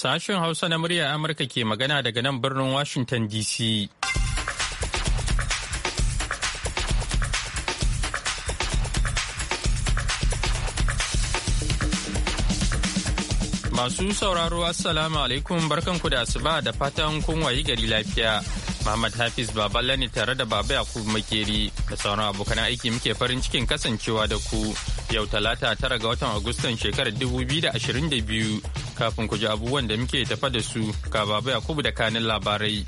Sashen Hausa na murya Amurka ke magana daga nan birnin Washington DC. Masu sauraro Assalamu alaikum barkanku da asuba da fatan kun wayi gari lafiya. Muhammad Hafiz Baballe ne tare da Baba Yakubu Makeri da sauran abokan aiki muke farin cikin kasancewa da ku yau talata tara ga watan Agustan shekarar 2022 kafin ku ji abubuwan da muke tafa da su ga baba Yakubu da kanin labarai.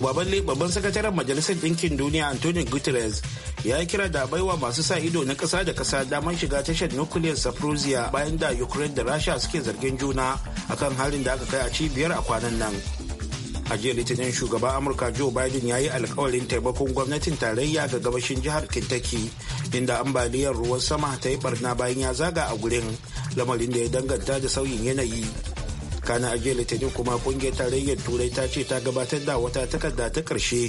baban babban sakataren Majalisar Ɗinkin Duniya Antonio Guterres ya yi kira da baiwa masu sa ido na ƙasa da ƙasa damar shiga tashar nukiliyar Saprosia bayan da Ukraine da Rasha suke zargin juna akan halin da aka kai a cibiyar a kwanan nan. A jiya Litinin shugaban Amurka Joe Biden ya yi alkawarin taimakon gwamnatin tarayya ga gabashin jihar Kentucky inda ambaliyar ruwan sama ta yi barna bayan ya zaga a gurin lamarin da ya danganta da sauyin yanayi kana ajiye litinin kuma kungiyar tarayyar turai ta ce ta gabatar da wata takarda ta karshe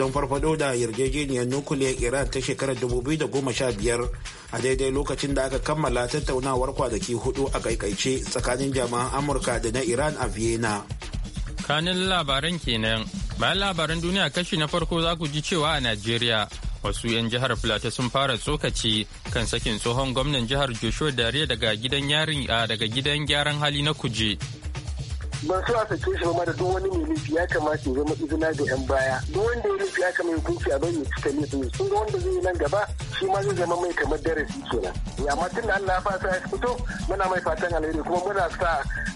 don farfado da yarjejeniyar nukuliyar iran ta shekarar 2015 a daidai lokacin da aka kammala tattaunawar kwanaki hudu a kaikaice tsakanin jama'an amurka da na iran a vienna kanin labaran kenan bayan labaran duniya kashi na farko za ku ji cewa a najeriya wasu 'yan jihar Filata sun fara tsokaci kan sakin tsohon gwamnan jihar Joshua Dare daga gidan a daga gidan gyaran hali na kuje ban su a sake shi ba da duk wani mai laifi ya kamata ya zama izina ga yan baya duk wanda ya laifi ya kamata hukunci a bayyana cika laifin sun ga wanda zai yi nan gaba shi ma zai zama mai kamar darasi kenan ma tun da Allah ya fasa ya fito muna mai fatan alheri kuma muna sa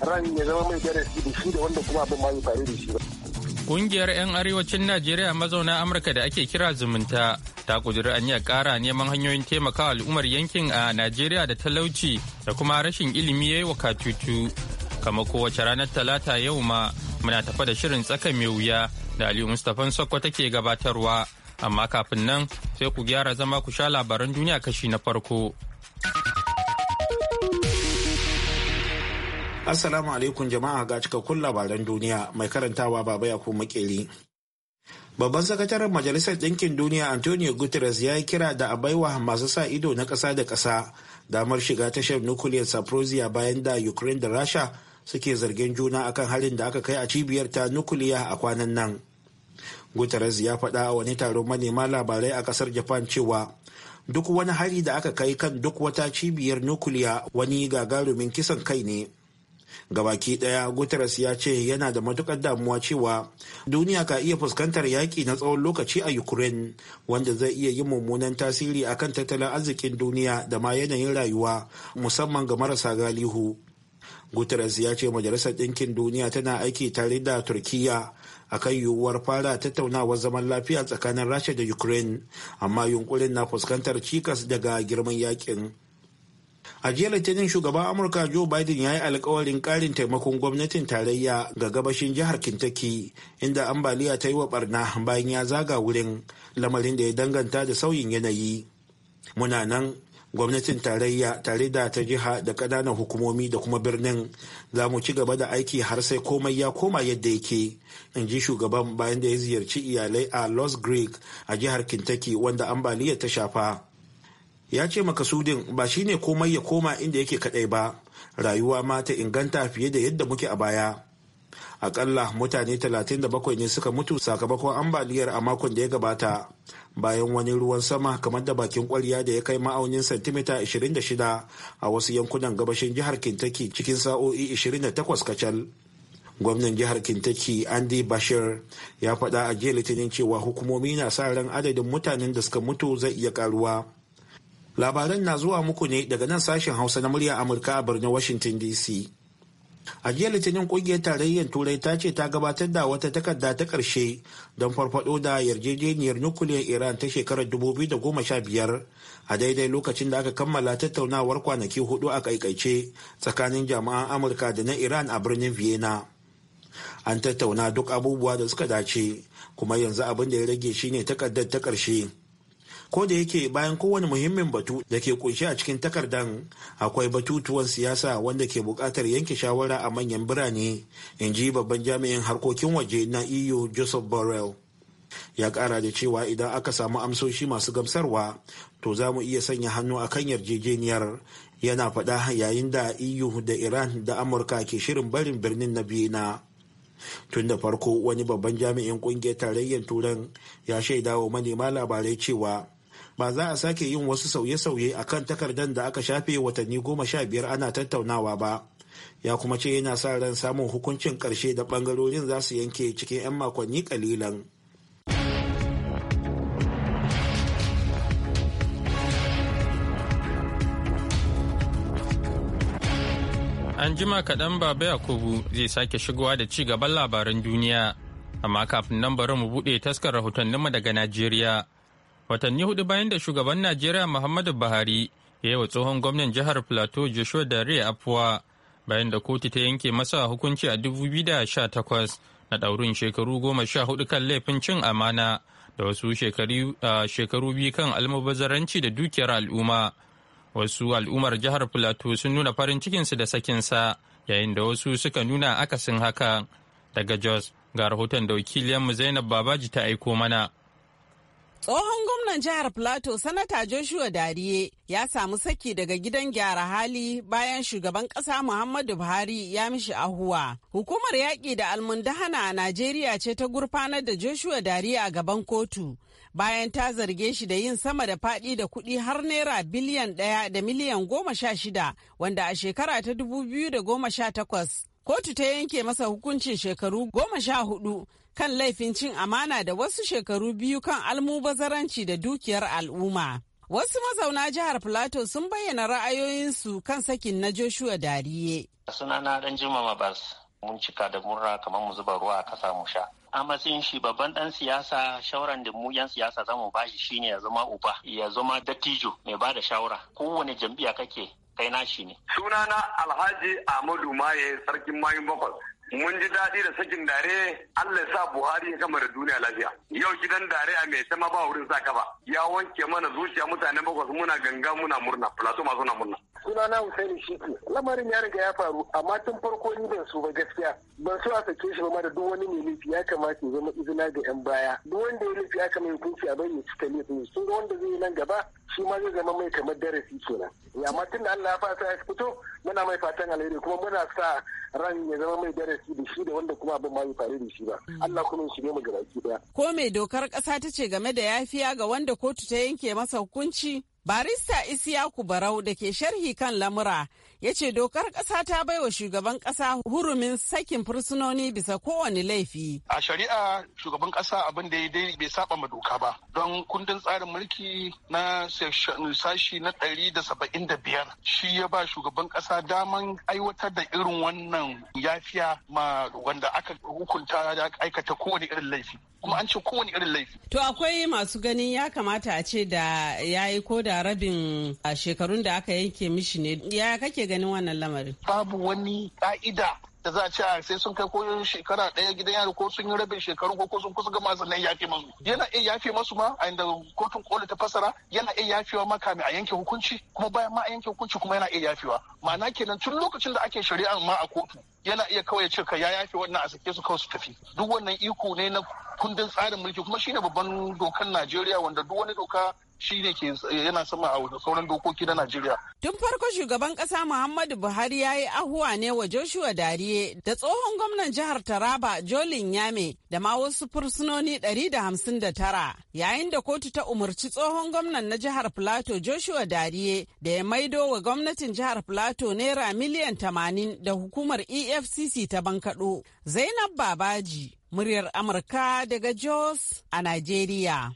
ran ya zama mai darasi da shi da wanda kuma abin ma ya faru da shi ba Kungiyar 'yan arewacin Najeriya mazauna Amurka da ake kira zumunta ta kuduri aniyar kara neman hanyoyin taimakawa al'ummar yankin a Najeriya da talauci da kuma rashin ilimi ya yi wa katutu. kamar kowace ranar Talata yau ma muna tafa da shirin tsaka mai wuya da Aliyu Mustapha Sokko take gabatarwa. Amma kafin nan sai ku gyara zama ku sha labaran duniya kashi na farko. Assalamu alaikum jama'a ga cikakkun labaran duniya mai karantawa baba ya makeli Babban sakataren Majalisar Ɗinkin Duniya Antonio Guterres ya yi kira da a baiwa masu sa ido na ƙasa da ƙasa damar shiga tashar nukuliyar Saprosia bayan da Ukraine da Rasha suke zargin juna akan harin da aka kai a cibiyar ta nukuliya a kwanan nan guterres ya faɗa a wani taron manema labarai a ƙasar japan cewa duk wani hari da aka kai kan duk wata cibiyar nukuliya wani gagarumin kisan kai ne gabaki ɗaya guterres ya ce yana da matuƙar damuwa cewa duniya ka iya fuskantar yaƙi na tsawon lokaci a ukraine wanda zai iya yi mummunan tasiri akan tattalin arzikin duniya da ma yanayin rayuwa musamman ga marasa galihu guterres ya ce majalisar ɗinkin duniya tana aiki tare da turkiya kan yiwuwar fara tattaunawar zaman lafiya tsakanin rasha da ukraine amma yunkurin na fuskantar cikas daga girman yakin a jiya litinin shugaban amurka joe biden ya yi alkawarin ƙarin taimakon gwamnatin tarayya ga gabashin jihar kentucky inda ambaliya ta yi wa barna bayan ya zaga wurin lamarin da ya danganta da sauyin yanayi muna nan gwamnatin tarayya tare da ta jiha da ƙananan hukumomi da kuma birnin za mu ci gaba da aiki har sai komai ya koma yadda yake in ji shugaban bayan da ya ziyarci iyalai a los greek a jihar kentucky wanda ambaliya ta shafa ya ce makasudin ba shine komai ya koma inda yake kadai ba rayuwa ma ta inganta fiye da yadda muke a baya akalla mutane 37 ne suka mutu sakamakon ambaliyar a makon da ya gabata bayan wani ruwan sama kamar da bakin kwarya da ya kai ma'aunin santimita 26 a wasu yankunan gabashin jihar Kintaki cikin sa'o'i 28 kacal gwamnan jihar Kintaki, andy bashir ya faɗa a jiya litinin cewa hukumomi na sa ran adadin mutanen da suka mutu zai iya karuwa labaran na zuwa muku ne daga nan sashen hausa na murya amurka a birnin washington dc a jiya litinin kungiyar tarayyar turai ta ce ta gabatar da wata takarda ta ƙarshe don farfado da yarjejeniyar nukuliyar iran ta shekarar 2015 a daidai lokacin da aka kammala tattaunawar kwanaki hudu a kaikaice tsakanin jama'an amurka da na iran a birnin vienna an tattauna duk abubuwa da suka dace kuma yanzu abin da ya rage shine takardar ta ƙarshe ko da yake bayan kowane muhimmin batu da ke kunshe a cikin takardan akwai batutuwan siyasa wanda ke buƙatar yanke shawara a manyan birane in ji babban jami'in harkokin waje na eu joseph borrell ya kara da cewa idan aka samu amsoshi masu gamsarwa to za mu iya sanya hannu a kan yarjejeniyar yana faɗa yayin da eu da iran da amurka ke shirin barin birnin na biyana tun da farko wani babban jami'in kungiyar tarayyar turan ya shaidawa manema labarai cewa ba za a sake yin wasu sauye-sauye a kan takardar da aka shafe watanni goma sha biyar ana tattaunawa ba ya kuma ce yana sa ran samun hukuncin karshe da bangarorin za su yanke cikin 'yan makonni kalilan. An jima kaɗan Baba Yakubu zai sake shigowa da ci gaban labaran duniya, amma kafin nan bari mu buɗe taskar rahotanninmu daga Najeriya. watanni hudu bayan da shugaban najeriya muhammadu buhari ya yi wa tsohon gwamnan jihar plateau joshua dare afuwa bayan da kotu ta yanke masa hukunci a 2018 na ɗaurin shekaru goma sha hudu kan laifin cin amana da wasu shekaru biyu kan almubazaranci da dukiyar al'umma wasu al'ummar jihar plateau sun nuna farin cikinsu da sakinsa yayin da wasu suka nuna akasin haka daga jos ga rahoton da wakiliyanmu zainab babaji ta aiko mana Tsohon gwamnan jihar Plateau Sanata Joshua Dariye ya samu saki daga gidan gyara hali bayan shugaban ƙasa Muhammadu Buhari ya mishi ahuwa. Hukumar yaƙi da almundahana a Najeriya ce ta gurfanar da Joshua Dariye a gaban kotu. Bayan ta zarge shi da yin sama da faɗi da kuɗi har naira biliyan ɗaya da miliyan goma sha shida wanda a shekara ta dubu biyu da goma sha takwas kotu ta yanke masa hukuncin shekaru goma sha hudu kan laifin cin amana da wasu shekaru biyu kan almubazaranci da dukiyar al'umma. Wasu mazauna jihar Filato sun bayyana ra'ayoyinsu kan sakin na Joshua Dariye. Sunana dan Juma Mabas, mun cika da murna kamar mu zuba ruwa a kasa mu sha. a matsayin shi babban dan siyasa shawaran da mu yan siyasa zamu bashi shine ya zama uba ya zama dattijo mai bada shawara kowane jam'iyya kake kai shi ne. Sunana Alhaji Ahmadu Maye sarkin mayun bakwai mun ji daɗi da sakin dare Allah ya sa Buhari ya gama da duniya lafiya. Yau gidan dare a mai sama ba wurin sa ba Ya wanke mana zuciya mutane bakwas muna ganga muna murna. Plato masu na murna. Sunana Hussaini Shiki. Lamarin ya riga ya faru amma tun farko ni ban so ba gaskiya. Ban so a sake shi ba ma da duk wani mai laifi ya kamata ya zama izina ga 'yan baya. Duk wanda ya laifi ya kamata ya kunci a bai ya cika laifin. Sun ga wanda zai yi nan gaba shi ma zai zama mai kamar darasi kenan amma tun da Allah ya fasa ya fito muna mai fatan alheri kuma muna sa ran ya zama mai darasi baki da shi da wanda kuma abin ma bai faru da shi ba mm. Allah kuma shi ne mu gabaki daya ko me dokar kasa ta ce game da yafiya ga wanda kotu ta yanke masa hukunci barista Isiyaku Barau da ke sharhi kan lamura ya ce dokar ƙasa ta baiwa shugaban ƙasa hurumin sakin fursunoni bisa kowane laifi. A shari'a shugaban ƙasa abin da ya bai saba ma doka ba don kundin tsarin mulki na sashi na ɗari da saba'in da biyar shi ya ba shugaban ƙasa daman aiwatar da irin wannan yafiya ma wanda aka hukunta da aikata kowane irin laifi. kuma an ce kowane irin laifi. To akwai masu ganin ya kamata a ce da ya yi ko da rabin shekarun da aka yanke mishi ne ya kake ganin wannan lamarin? Babu wani ka'ida da za a ce a sai sun kai ko shekara ɗaya gidan yaro ko sun yi rabin shekaru ko sun kusa gama sannan yafe masu yana iya yafe masu ma a inda kotun koli ta fasara yana iya yafewa ma kame a yanke hukunci kuma bayan ma a yanke hukunci kuma yana iya yafewa ma'ana kenan tun lokacin da ake shari'a ma a kotu yana iya kawai ya ce ka ya yafe wannan a sake su kawai su tafi duk wannan iko ne na kundin tsarin mulki kuma shine babban dokan Najeriya wanda duk wani doka shi ke eh, yana sama a sauran dokoki na Najeriya. Tun farko shugaban kasa Muhammadu Buhari ya yi ahuwa ne wa Joshua Dariye da tsohon gwamnan jihar Taraba Jolin Yame da ma wasu fursunoni 159 yayin da kotu ta umarci tsohon gwamnan na jihar Plateau Joshua Dariye da ya maido wa gwamnatin jihar Plateau naira miliyan tamanin da hukumar EFCC ta bankaɗo. Zainab Babaji, muryar Amurka daga Jos a Najeriya.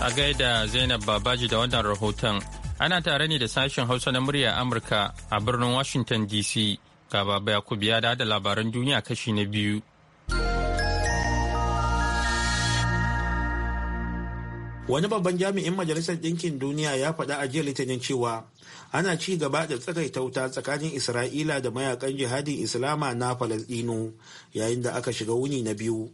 A gaida Zainab Babaji da wannan rahoton ana tare ne da sashen Hausa na murya Amurka a birnin Washington DC ga Baba Yakubu ya da labaran duniya kashi na biyu. wani babban jami'in majalisar ɗinkin duniya ya faɗa a jiya litinin cewa ana ci gaba da tsakaita wuta tsakanin isra'ila da mayakan jihadin islama na falasɗinu yayin da aka shiga wuni na biyu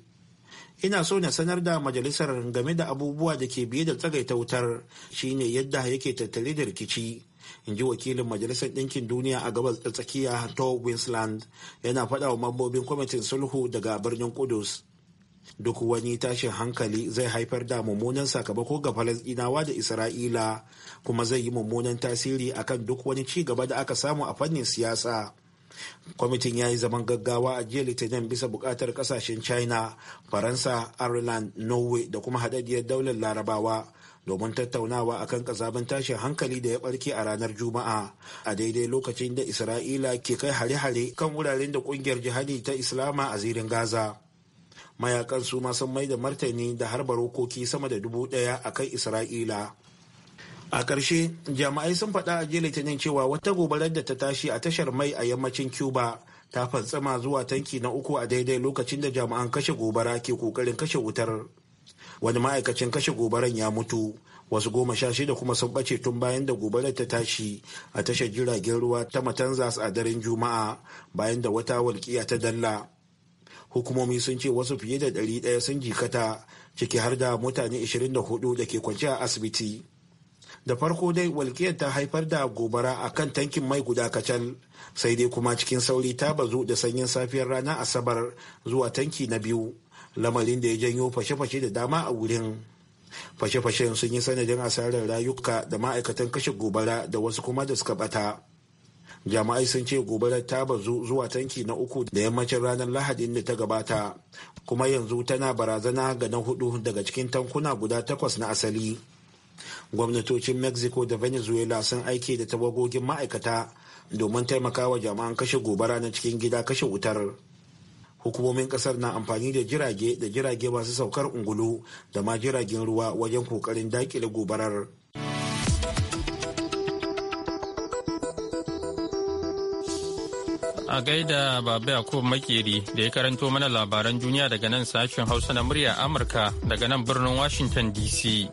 ina so na sanar da majalisar game da abubuwa da ke biye da tsagaita wutar shine yadda yake tattare da rikici in ji wakilin majalisar ɗinkin duniya a gabas da tsakiya to winsland yana faɗa wa mambobin kwamitin sulhu daga birnin kudus duk wani tashin hankali zai haifar da mummunan sakamako ga falasɗinawa da isra'ila kuma zai yi mummunan tasiri akan duk wani ci gaba da aka samu a fannin siyasa kwamitin ya yi zaman gaggawa a jiya litinin bisa bukatar kasashen china faransa ireland norway da kuma haɗaɗɗiyar daular larabawa domin tattaunawa akan kazabin tashin hankali da ya barke a ranar juma'a a daidai lokacin da isra'ila ke kai hare-hare kan wuraren da kungiyar jihadi ta islama a zirin gaza mayakan su ma sun mai da martani da harba rokoki sama da dubu daya a kan isra'ila a ƙarshe jama'ai sun faɗa a jiya litinin cewa wata gobarar da ta tashi a tashar mai a yammacin cuba ta fantsama zuwa tanki na uku a daidai lokacin da jami'an kashe gobara ke kokarin kashe wutar wani ma'aikacin kashe gobaran ya mutu wasu goma sha shida kuma sun ɓace tun bayan da gobarar ta tashi a tashar jiragen ruwa ta matanzas a daren juma'a bayan da wata walƙiya ta dalla hukumomi sun ce wasu fiye da ɗari ɗaya sun jikata ciki har da mutane 24 da ke kwance a asibiti da farko dai walƙiyar ta haifar da gobara a kan tankin mai guda kacal sai dai kuma cikin sauri ta bazu da sanyin safiyar rana asabar zuwa tanki na biyu lamarin da ya janyo fashe-fashe da dama a wurin fashe-fashen sun yi sanadin asarar rayuka da ma'aikatan kashe gobara da wasu kuma da suka bata jama'ai sun ce gobarar ta bazu zuwa tanki na uku da yammacin ranar lahadin da ta gabata kuma yanzu tana barazana ga na hudu daga cikin tankuna guda takwas na asali gwamnatocin mexico da venezuela sun aiki da tawagogin ma'aikata domin taimakawa jama'an kashe gobara na cikin gida kashe wutar hukumomin kasar na amfani da jirage da jirage masu saukar ungulu da ma jiragen ruwa wajen kokarin dakile gobarar a gaida baba yakub makeri da ya karanto mana labaran duniya daga nan sashen hausa na murya amurka daga nan birnin washington dc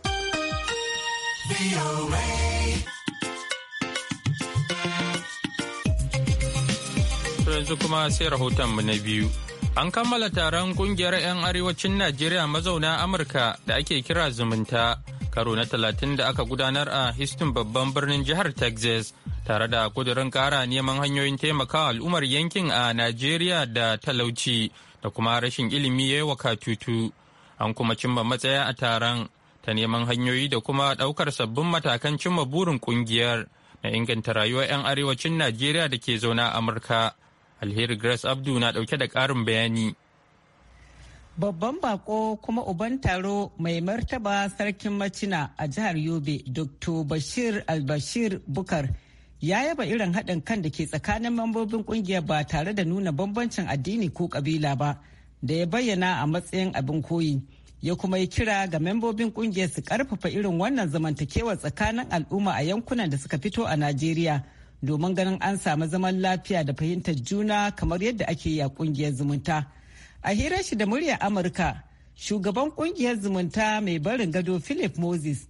yanzu kuma sai rahotonmu na biyu. An kammala taron kungiyar 'yan arewacin Najeriya mazauna Amurka da ake kira zumunta karo na talatin da aka gudanar a Houston babban birnin jihar Texas tare da kudurin kara neman hanyoyin taimakawa al'ummar yankin a Najeriya da talauci da kuma rashin ilimi ya yi wa katutu. An kuma cimma matsaya a taron ta neman hanyoyi da kuma ɗaukar sabbin matakan cimma burin ƙungiyar na inganta rayuwar 'yan arewacin Najeriya da ke zauna a Amurka. Alheri Grace Abdu na ɗauke da ƙarin bayani. Babban bako kuma uban taro mai martaba sarkin macina a jihar Yobe, Dr. Bashir Albashir Bukar, ya yaba irin haɗin kan da ke tsakanin mambobin ƙungiyar ba tare da nuna bambancin addini ko ƙabila ba, da ya bayyana a matsayin abin koyi. ya kuma yi kira ga membobin kungiyar su karfafa irin wannan zamantakewa tsakanin al'umma a yankunan da suka fito a najeriya domin ganin an samu zaman lafiya da fahimtar juna kamar yadda ake yi a kungiyar zumunta a hirar shi da muryar amurka shugaban kungiyar zumunta mai barin gado philip moses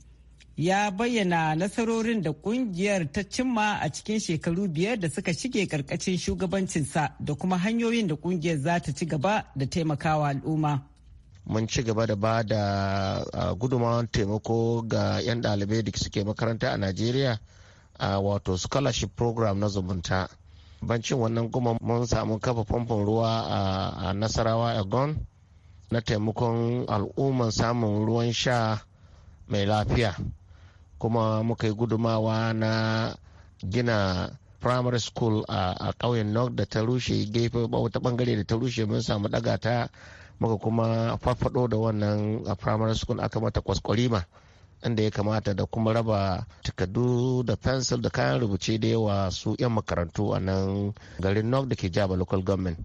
ya bayyana nasarorin da kungiyar ta cimma a cikin shekaru biyar da suka shige karkashin shugabancinsa da kuma hanyoyin da kungiyar za ta ci gaba da taimakawa al'umma. mun ci gaba da ba da gudunmawar taimako ga 'yan ɗalibai da suke makaranta a najeriya a wato scholarship program na zumunta bancin wannan kuma mun samu kafa famfon ruwa a nasarawa a gon? na taimakon al'umman samun ruwan sha mai lafiya kuma muka yi gudumawa na gina primary school a ƙauyen nok da ta rushe gefe wata bangare da ta rushe mun samu ɗaga ta muka kuma farfado da wannan a primary school aka mata kwaskwarima inda ya kamata da kuma raba takardu da pencil da kayan rubuce da yawa su 'yan makarantu a nan garin north da ke jaba local government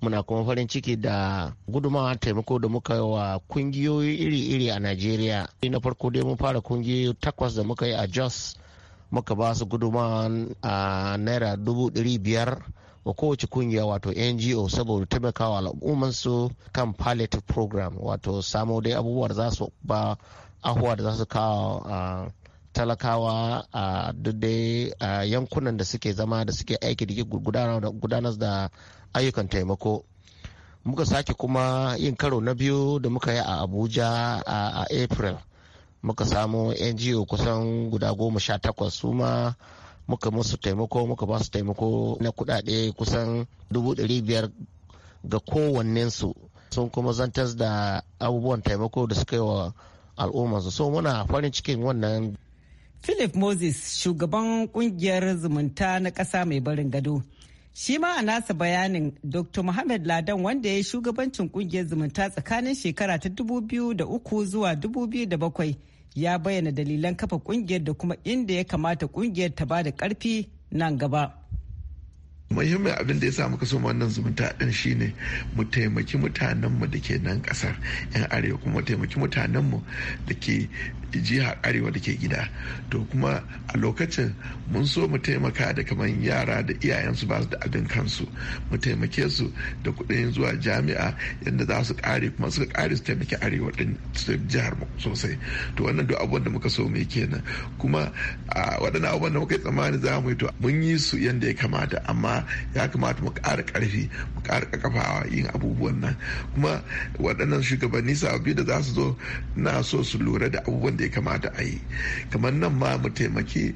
muna kuma farin ciki da gudumawa taimako da muka yi wa kungiyoyi iri-iri a najeriya na farko dai mun fara kungiyoyi takwas da muka yi a jos muka ba su gudumawa a naira dubu biyar wa kowace kungiya wato ngo saboda taimakawa su kan palliative program wato samo dai abubuwa da za su ba ahuwa da za su kawo talakawa a duk dai yankunan da suke zama da suke aiki da gudanar da ayyukan taimako muka sake kuma yin karo na biyu da muka yi a abuja a april muka samu ngo kusan guda goma sha takwas su ma muka musu taimako muka ba su taimako na kudade kusan dubu biyar ga kowannensu sun kuma zantar da abubuwan taimako da suka yi wa al'ummarsu so muna farin cikin wannan philip moses shugaban kungiyar zumunta na ƙasa mai barin gado shi ma a nasa bayanin dr muhammad ladan wanda ya yi shugabancin kungiyar zumunta tsakanin shekara ta 2003 zuwa 2007 ya bayyana dalilan kafa kungiyar da kuma inda ya kamata kungiyar ta ba da karfi nan gaba. muhimmin abin da ya sa muka so wannan zumunta din shine mu taimaki mutanenmu da ke nan kasar yan arewa kuma taimaki mutanenmu da ke jiha arewa da ke gida to kuma a lokacin mun so mu taimaka da kamar yara da iyayensu ba su da abin kansu mu taimake su da kuɗin zuwa jami'a yadda za su kare kuma suka kare su taimaki arewa din jihar mu sosai to wannan duk abubuwan da muka so mu kenan kuma a waɗannan abubuwan da muka yi tsammani za mu yi to mun yi su yadda ya kamata amma ya kamata mu ƙara ƙarfi mu ƙara kafawa yin abubuwan nan kuma waɗannan shugabanni sababbi da za su zo na so su lura da abubuwan da ya kamata a yi kamar nan ma mu taimaki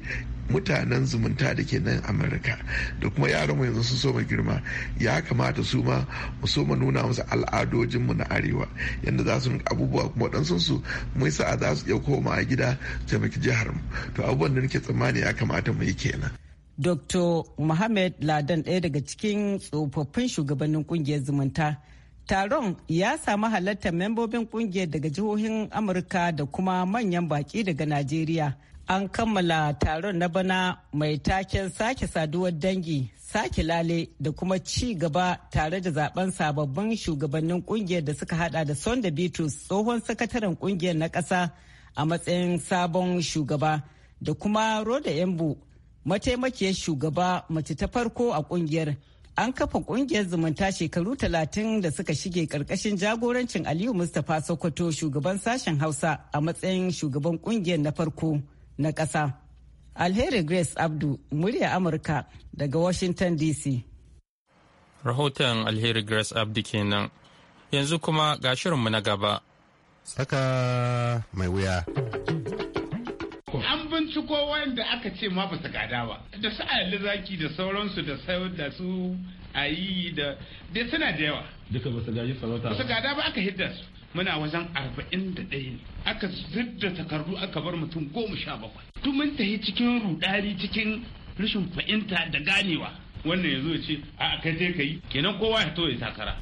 mutanen zumunta da ke nan amurka da kuma yaranmu yanzu sun so girma ya kamata su ma mu so mu nuna musu al'adojinmu na arewa yadda za su abubuwa kuma waɗansu su sa'a za su iya koma a gida taimaki jihar mu to abubuwan da nake tsammani ya kamata mu yi kenan Dr. Mohamed Ladan ɗaya daga cikin tsofaffin shugabannin ƙungiyar zumunta. Taron ya samu halartar membobin ƙungiyar daga jihohin Amurka da kuma manyan baƙi daga Najeriya. An kammala taron na bana mai taken sake saduwar dangi, sake lale da kuma ci gaba tare da zaben sababbin shugabannin ƙungiyar da suka hada da Sonda Bitrus tsohon sakataren ƙungiyar na ƙasa a matsayin sabon shugaba da kuma Roda Embu mataimakiyar shugaba mace ta farko a kungiyar an kafa kungiyar zumunta shekaru talatin da suka shige karkashin jagorancin aliyu mustapha sokoto shugaban sashen hausa a matsayin shugaban kungiyar na farko na kasa. alheri grace abdu murya amurka daga washington dc rahoton alheri grace abdu kenan yanzu kuma ga shirinmu na gaba saka mai wuya an binciko wanda aka ce ma basu gada ba da su ali zaki da sauransu da da su ayi da dai suna da yawa duka basu gaji sarauta ba gada ba aka hidda su muna wajen arba'in da ɗaya ne aka zidda takardu aka bar mutum goma sha bakwai duk mun tafi cikin rudari cikin rashin fahimta da ganewa wannan ya zo ce a kai je ka yi kenan kowa ya to ya takara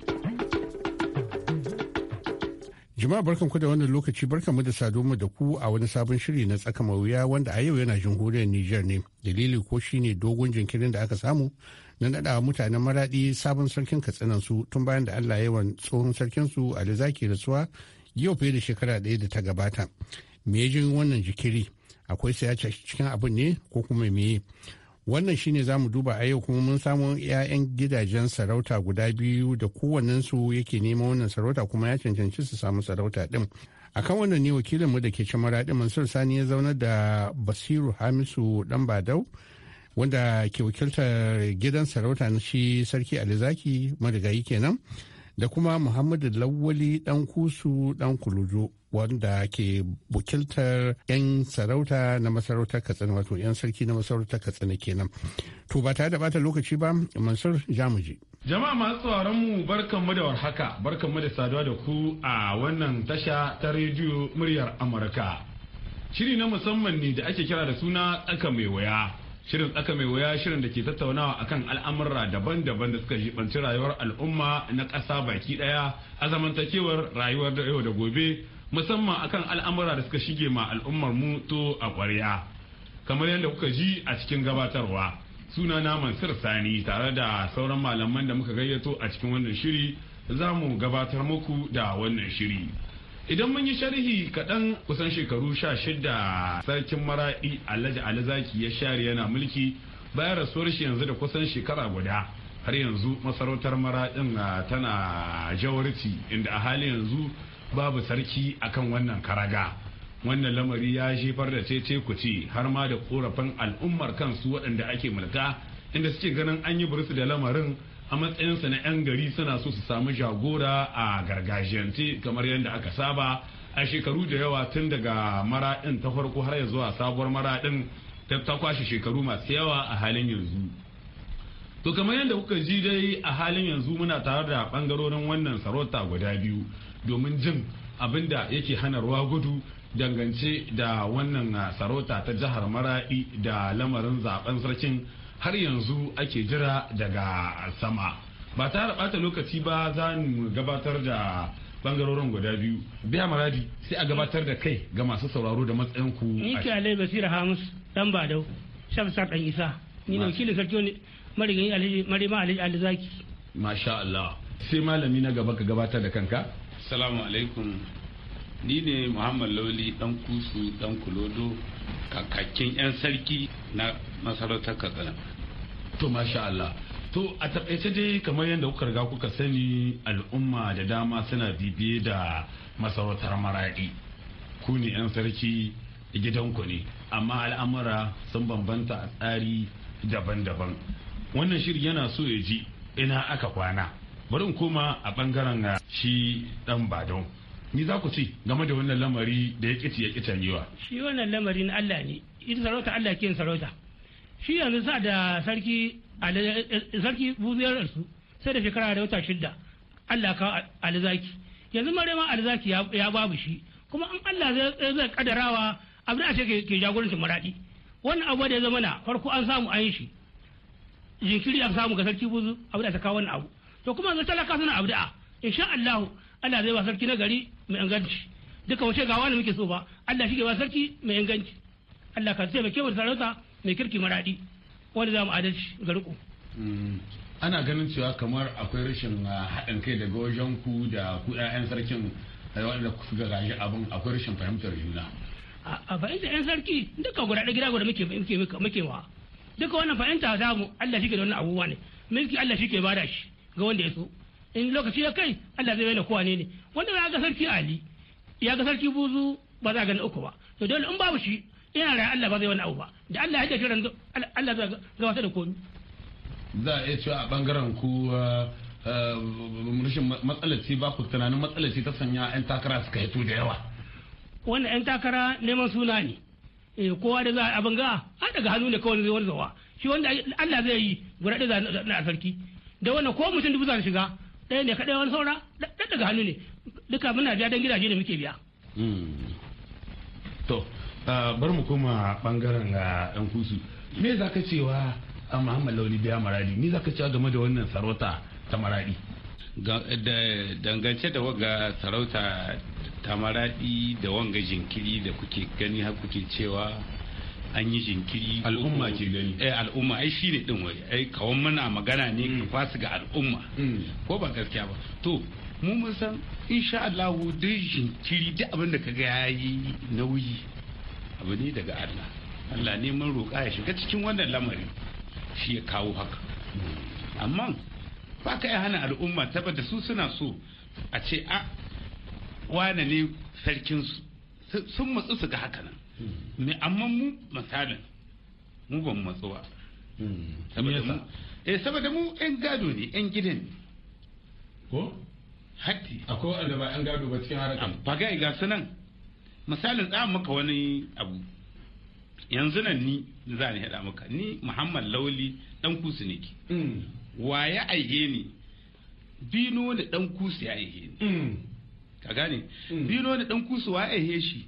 Jama'a barkanku da wannan lokaci barkanmu da saduwa da ku a wani sabon shiri na tsaka mawuya wanda a yau yana jamhuriyar Nijar ne. Dalili ko shine dogon jinkirin da aka samu na nada mutanen maradi sabon sarkin katsinan su tun bayan da Allah yawan tsohon sarkin su Ali Zaki rasuwa yau fiye da shekara daya da ta gabata. Me jin wannan jikiri akwai sai cikin abin ne ko kuma meye? wannan shine za mu duba a yau kuma mun samu 'ya'yan gidajen sarauta guda biyu da kowannensu yake neman wannan sarauta kuma ya cancanci su samu sarauta din kan wannan ne wakilinmu da ke camara din mansur sani ya zaunar da basiru hamisu dan badau wanda ke wakiltar gidan sarauta na shi sarki alizaki marigayi kenan da kuma muhammadu lawali dan kusu dan kulujo wanda ke bukiltar 'yan sarauta na masarautar katsina wato 'yan sarki na masarautar katsina kenan to ba tare da bata lokaci ba mansur jamuji jama'a masu tsaron mu mu da warhaka mu da saduwa da ku a wannan tasha ta rediyo muryar amurka shiri na musamman ne da ake kira da suna tsaka mai waya shirin tsaka mai wuya shirin da ke tattaunawa akan al'amurra daban-daban da suka jibanci rayuwar al'umma na ƙasa baki ɗaya a zamantakewar rayuwar da yau da gobe musamman akan al'amurra da suka shige ma al'ummar mu to a ƙwarya kamar yadda kuka ji a cikin gabatarwa suna naman mansur sani tare da sauran malaman da muka gayyato a cikin wannan shiri za mu gabatar muku da wannan shiri. idan mun yi sharhi kaɗan kusan shekaru sha shida sarkin maraɗi alhaji zaki ya share yana mulki bayan rasuwar shi yanzu da kusan shekara guda har yanzu masarautar maraɗin ah, tana jawarci inda a halin yanzu babu sarki akan wannan karaga wannan lamari ya jefar da cece kuce har ma da korafin al'ummar kansu waɗanda ake mulka inda suke ganin an yi da lamarin a matsayinsa na 'yan gari suna so su samu jagora a gargajiyance kamar yadda aka saba a shekaru da yawa tun daga maraɗin ta farko har ya zuwa sabuwar maraɗin ta kwashe shekaru masu yawa a halin yanzu to kamar yadda kuka ji dai a halin yanzu muna tare da ɓangarorin wannan sarauta guda biyu domin jin abinda yake hana ruwa gudu dangance da wannan sarauta ta jihar maraɗi da lamarin zaben sarkin har yanzu ake jira daga sama ba ta bata lokaci ba za mu gabatar da bangarorin guda biyu biya maradi sai a gabatar da kai ga masu sauraro da matsayin ku ni ke alai basira hamus dan badau shafsar dan isa ni ne wakilin sarki ne marigayi alhaji marima alhaji alzaki masha Allah sai malami na gaba ka gabatar da kanka assalamu alaikum ni ne muhammad lauli dan kusu dan kulodo kakakin yan sarki na masarautar katsina to masha Allah to a taƙaice dai kamar yadda kuka riga kuka sani al'umma da dama suna bibiye da masarautar maraɗi ku ne 'yan sarki gidanku ne amma al'amura sun bambanta a tsari daban-daban wannan shiri yana so ya ji ina aka kwana bari koma a bangaren shi dan badon ni za ku ci game da wannan lamari da ya kici ya kitanyewa shi wannan lamari na Allah ne ita sarauta Allah ke sarauta shi yanzu sa da sarki sarki bubiyar su sai da shekara da wata shidda Allah kawo alzaki yanzu marema alzaki ya babu shi kuma an Allah zai kadarawa abin a ce ke jagorancin maradi wannan abu da ya zama na farko an samu an yi shi jinkiri an samu ga sarki buzu abu da ta kawo wannan abu to kuma yanzu talaka suna abda'a insha Allah Allah zai ba sarki na gari mai inganci duka wace ga wani muke so ba Allah shi ke ba sarki mai inganci Allah ka taimake mu da sarauta mai kirki maradi wanda za mu adalci ga riko mm. ana ganin cewa kamar akwai rashin ah, haɗin kai daga wajen ku da ku 'ya'yan sarkin eh, wanda ku ga gaji abin akwai rashin fahimtar juna a fahimtar ƴan sarki duka guda ɗaya gida guda muke wa duka wannan fahimta za mu Allah shi ke da wannan abubuwa ne mulki Allah shi ke bada shi ga wanda ya so in lokaci ya kai Allah zai bayyana kowa ne ne wanda ya ga sarki Ali ya ga sarki Buzu ba za a gani uku ba to dole in babu shi ina da Allah ba zai wani abu ba da Allah ya tafi ranzu Allah zai ga wasa da komi za a iya cewa a bangaren ku eh, eh, rashin matsalar ba ku tunanin matsalar ta sanya 'yan takara suka hito da yawa wannan 'yan takara neman suna ne eh, kowa da za a banga ga a daga hannu ne kawai zai wani zawa shi wanda Allah zai yi da ɗaya na sarki da wannan ko mutum dubu za shiga ɗaya ne kaɗai wani saura ɗan daga hannu ne duka muna biya don gidaje da muke biya hmm. to Ah, bar mu koma bangaren yan ah, kusu me za ka cewa a ah, muhammad lauli biya maradi me za ka cewa game da wannan sarauta ta maradi dangance da waga sarauta ta maradi da wanga jinkiri da kuke gani har kuke cewa an yi jinkiri al'umma ke gani eh al'umma ai shine din wai ai kawon muna magana ne ka mm. fasu ga al'umma mm. ko ba gaskiya ba to mu mun san insha Allah duk jinkiri duk abin da kaga yayi nauyi abu ne daga Allah Allah ne mun roƙa ya shiga cikin wannan lamari shi ya kawo haka amma ba ka yi hana al'umma saboda su suna so a ce a wane ne sarkinsu sun matsu su ga haka nan me amma mu misalin mu ban matsu ba eh, saboda mu yan gado ne yan gidan ne ko hatti akwai wanda ba yan gado ba cikin harakan ba ga ga nan. misalin tsaya maka wani abu yanzu nan ni za ni haɗa maka ni muhammad lauli dan kusu ne ke mm. wa ya aihe ni bino da dan kusu ya aihe ni mm. ka gane mm. bino da dan kusu wa aihe shi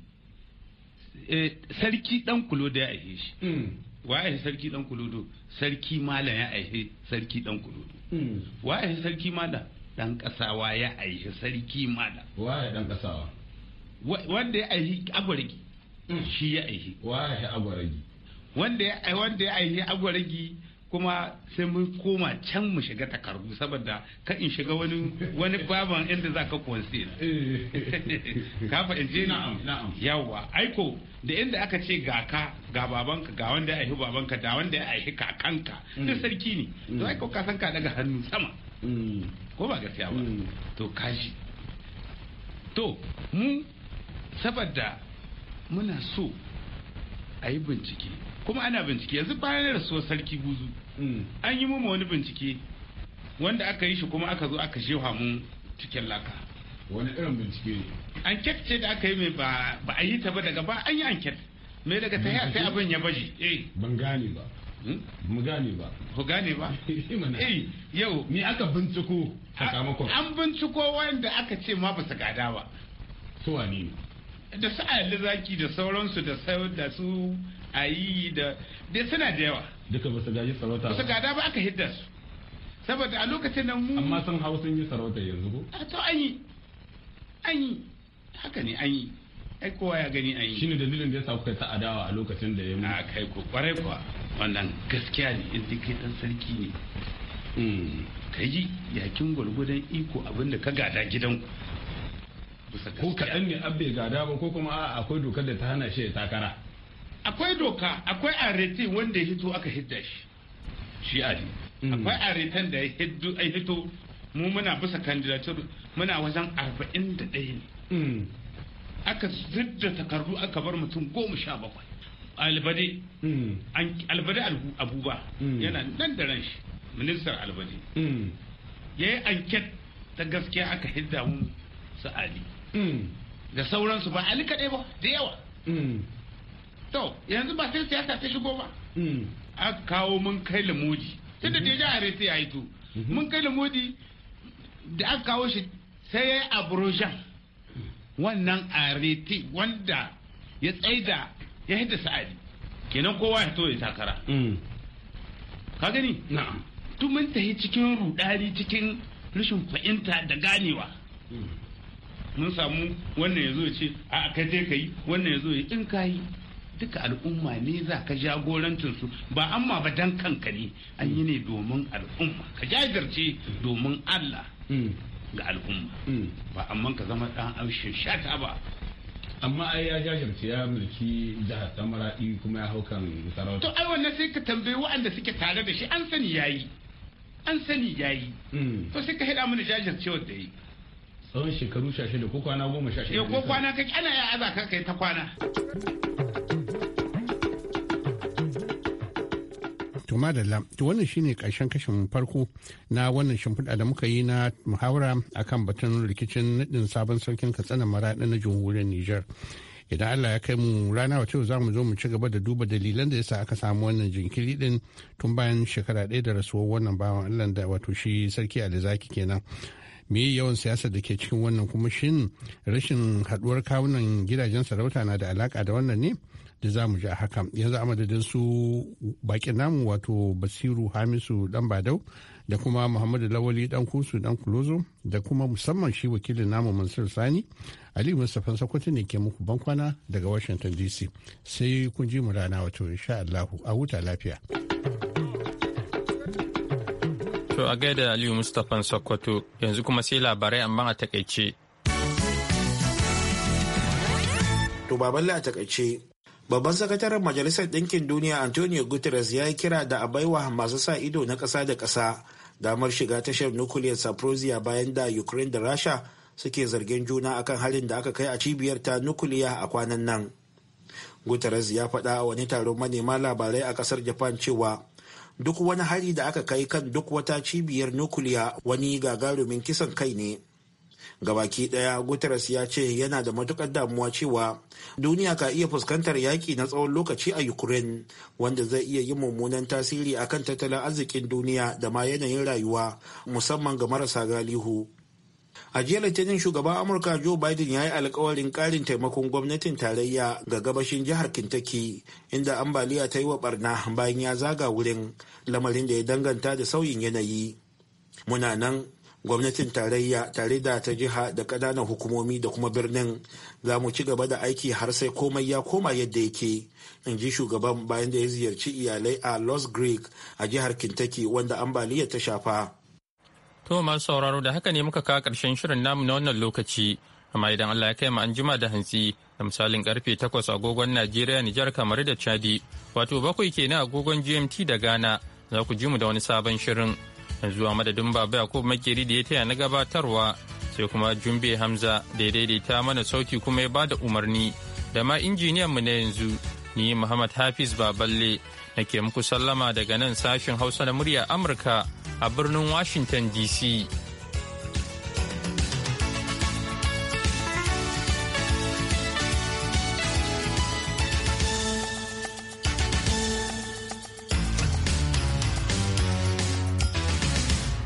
sarki dan kulo da ya aihe shi eh, wa aihe sarki dan kulodo sarki malam ya aihe sarki dan kulodo wa aihe sarki malam dan kasawa ya aihe sarki malam wa ya dan kasawa wanda ya aihi agwaragi mm. shi ya aihi wahi agwaragi wanda ya wanda ya aihi agwaragi kuma sai mun koma can mu shiga takardu saboda ka in shiga wani wani baban inda za ka kwanse eh. ka fahimce na'am na yawa aiko da inda aka ce ga ka ga babanka ga wanda ya aihi babanka da wanda ya aihi kakanka mm. duk sarki ne mm. to aiko ka san ka daga hannu sama ko ba gaskiya ba to kaji to mu saboda muna so a yi bincike kuma ana bincike yanzu bayan rasuwar sarki guzu mm. an yi mu wani bincike wanda aka yi shi kuma aka zo aka shewa mu cikin laka wani irin bincike ne anket ce da aka yi mai ba a yi ta ba daga ba an yi anket mai daga ta sai abin ya baje eh ban gane ba hmm? mu gane ba ku gane ba eh, eh yau ni aka binciko sakamakon an binciko wanda aka ce ma ba su gada ba su wani ne da su ali zaki da sauransu da da su yi da dai suna da yawa duka ba su gaji sarauta ba su gada ba aka hidda su saboda a lokacin nan mu amma sun hau sun yi sarauta yanzu ko a to an yi an yi haka ne an yi ai kowa ya gani an yi shine dalilin da ya sa kuka ta adawa a lokacin da ya mu a kai ko kwarai kuwa wannan gaskiya ne in dai dan sarki ne hmm. ka yi yakin gurgudan iko abinda ka gada gidan ko kaɗan ne abbe gada ba ko kuma a'a akwai dokar da ta hana shi ya takara akwai doka akwai arete wanda ya hito aka hidda shi shi ali mm. akwai aretan da ya hito mu muna bisa candidature muna wajen arba'in da ne mm. aka zidda takardu aka bar mutum goma sha bakwai albade mm. albade abuba yana nan da ran shi ministar albade ya yi anket ta gaskiya aka hidda mu su ali Mm. da sauransu ba ali kaɗai ba da yawa mm. to yanzu ba sai siyasa ta shigo ba mm. aka kawo mun kai lamudi tun da mm-hmm. deja a sai ya to mm-hmm. mun kai lamudi da aka kawo shi sai ya yi abrojan wannan arete wanda ya tsaida ya hidda sa'adi kenan kowa ya to ya takara ka gani tun mun tafi cikin rudani cikin rashin fahimta da ganewa mun samu wannan ya zo ce a ka je ka yi wannan ya zo ya in ka yi duka al'umma ne za ka jagorancin su ba amma ba dan kanka ne an yi ne domin al'umma ka jajirce domin Allah hmm. ga al'umma hmm. ba amma ka zama dan aushin shata ba amma ai ya jajirce ya mulki da samaradi kuma ya haukan sarauta to ai wannan sai ka tambayi waɗanda suke tare da shi an sani yayi an sani yayi hmm. to sai ka hada mana jajircewar da yi tsawon shekaru sha ko kwana goma sha ko kwana kake ana ya aza ka kai ta kwana. To madalla, to wannan shine karshen kashin farko na wannan shimfiɗa da muka yi na muhawara a kan batun rikicin naɗin sabon sarkin katsina maraɗi na jamhuriyar Nijar. Idan Allah ya kai mu rana wata za mu zo mu ci gaba da duba dalilan da ya sa aka samu wannan jinkiri din tun bayan shekara ɗaya da rasuwar wannan bawan Allah da wato shi sarki Alizaki kenan. me yawan siyasar da ke cikin wannan kuma shin rashin haduwar kawunan gidajen sarauta na da alaka da wannan ne da za mu ji a haka yanzu a su bakin namu wato basiru hamisu dan badau da kuma muhammadu lawali dan kusu dan kulozo da kuma musamman shi wakilin namu mansur sani ali mustapha sokoto ne ke muku bankwana daga washington dc sai kun ji mu rana wato insha allahu a huta lafiya To a gaida Aliyu Mustapha Sokoto yanzu kuma sai labarai amma a takaice. To baballe a takaice. Babban sakataren Majalisar Ɗinkin Duniya Antonio Guterres ya yi kira da a baiwa masu sa ido na ƙasa da ƙasa damar shiga tashar nukuliyar Saprosia bayan da Ukraine da Rasha suke zargin juna akan halin da aka kai a cibiyar ta nukuliya a kwanan nan. Guterres ya faɗa a wani taron manema labarai a ƙasar Japan cewa duk wani hari da aka kai kan duk wata cibiyar nukuliya wani gagarumin kisan kai ne gabaki daya guterres ya ce yana da matukar damuwa cewa duniya ka iya fuskantar yaki na tsawon lokaci a ukraine wanda zai iya yi mummunan tasiri akan tattalin arzikin duniya da ma yanayin rayuwa musamman ga marasa galihu a jiya litinin shugaban amurka joe biden ya yi alkawarin karin taimakon gwamnatin tarayya ga gabashin jihar kentucky inda ambaliya ta yi wa barna bayan ya zaga wurin lamarin da ya danganta da sauyin yanayi muna nan gwamnatin tarayya tare da ta jiha da ƙananan hukumomi da kuma birnin za mu ci gaba da aiki har sai komai ya koma yadda yake in ji shugaban bayan da ya ziyarci iyalai a los greek a jihar kentucky wanda ambaliya ta shafa To masu sauraro da haka ne muka kawo ƙarshen shirin namu na wannan lokaci. Amma idan Allah ya kai mu an jima da hantsi da misalin karfe 8 agogon Najeriya Nijar kamar da Chadi wato bakwai kenan agogon GMT da Ghana za ku ji mu da wani sabon shirin. Yanzu a madadin Baba Yakub Makeri da ya taya na gabatarwa sai kuma Jumbe Hamza da ya daidaita mana sauti kuma ya bada umarni da ma injiniyan mu na yanzu ni Muhammad Hafiz Baballe nake muku sallama daga nan sashen Hausa na murya Amurka a birnin Washington DC.